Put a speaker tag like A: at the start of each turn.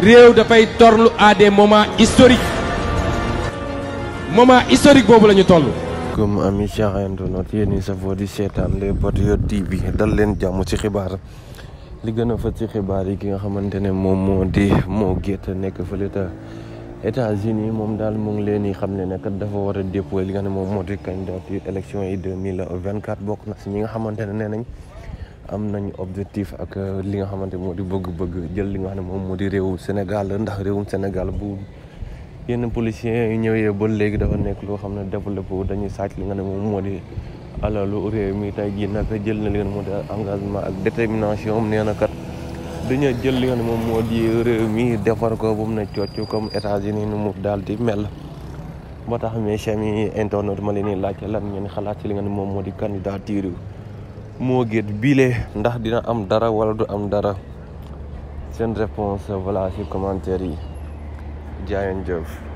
A: réew dafay torlu à des moments historiques moment historique boobu la ñu toll.
B: comme ami cher internaute yéen ñi safoo di seetaan les Patriotes TV dal leen jàmm ci xibaar li gën a fës ci xibaar yi ki nga xamante ne moom moo di moo gétt nekk fële ca États-Unis moom daal mu ngi leen di xam ne kat dafa war a déposé li nga xam moom moo di candidature élection yi 2024 bokk na si ñi nga xamante ne nee nañ. am nañu objectif ak euh, li nga xamante moo di bëgg-bëgg jël li nga xam moom moo di réewum Sénégal ndax réewum Sénégal bu yenn policiers yi ñëwee ba léegi dafa nekk loo xam ne développé dañuy sàcc li nga ne moom moo di alalu réew mi tey jii jël na li nga ne engagement ak détermination nee na kat jël li moom moo di réew mi defar ko ba mu ne cocc comme États-Unis nu mu daal di mel ba tax mes chers internautes ma leen laajte lan ngeen xalaat ci li nga ne moom moo di candidature moo gét bile ndax dina am dara wala du am dara seen réponse voilà ci commentaire yi jaayen jëf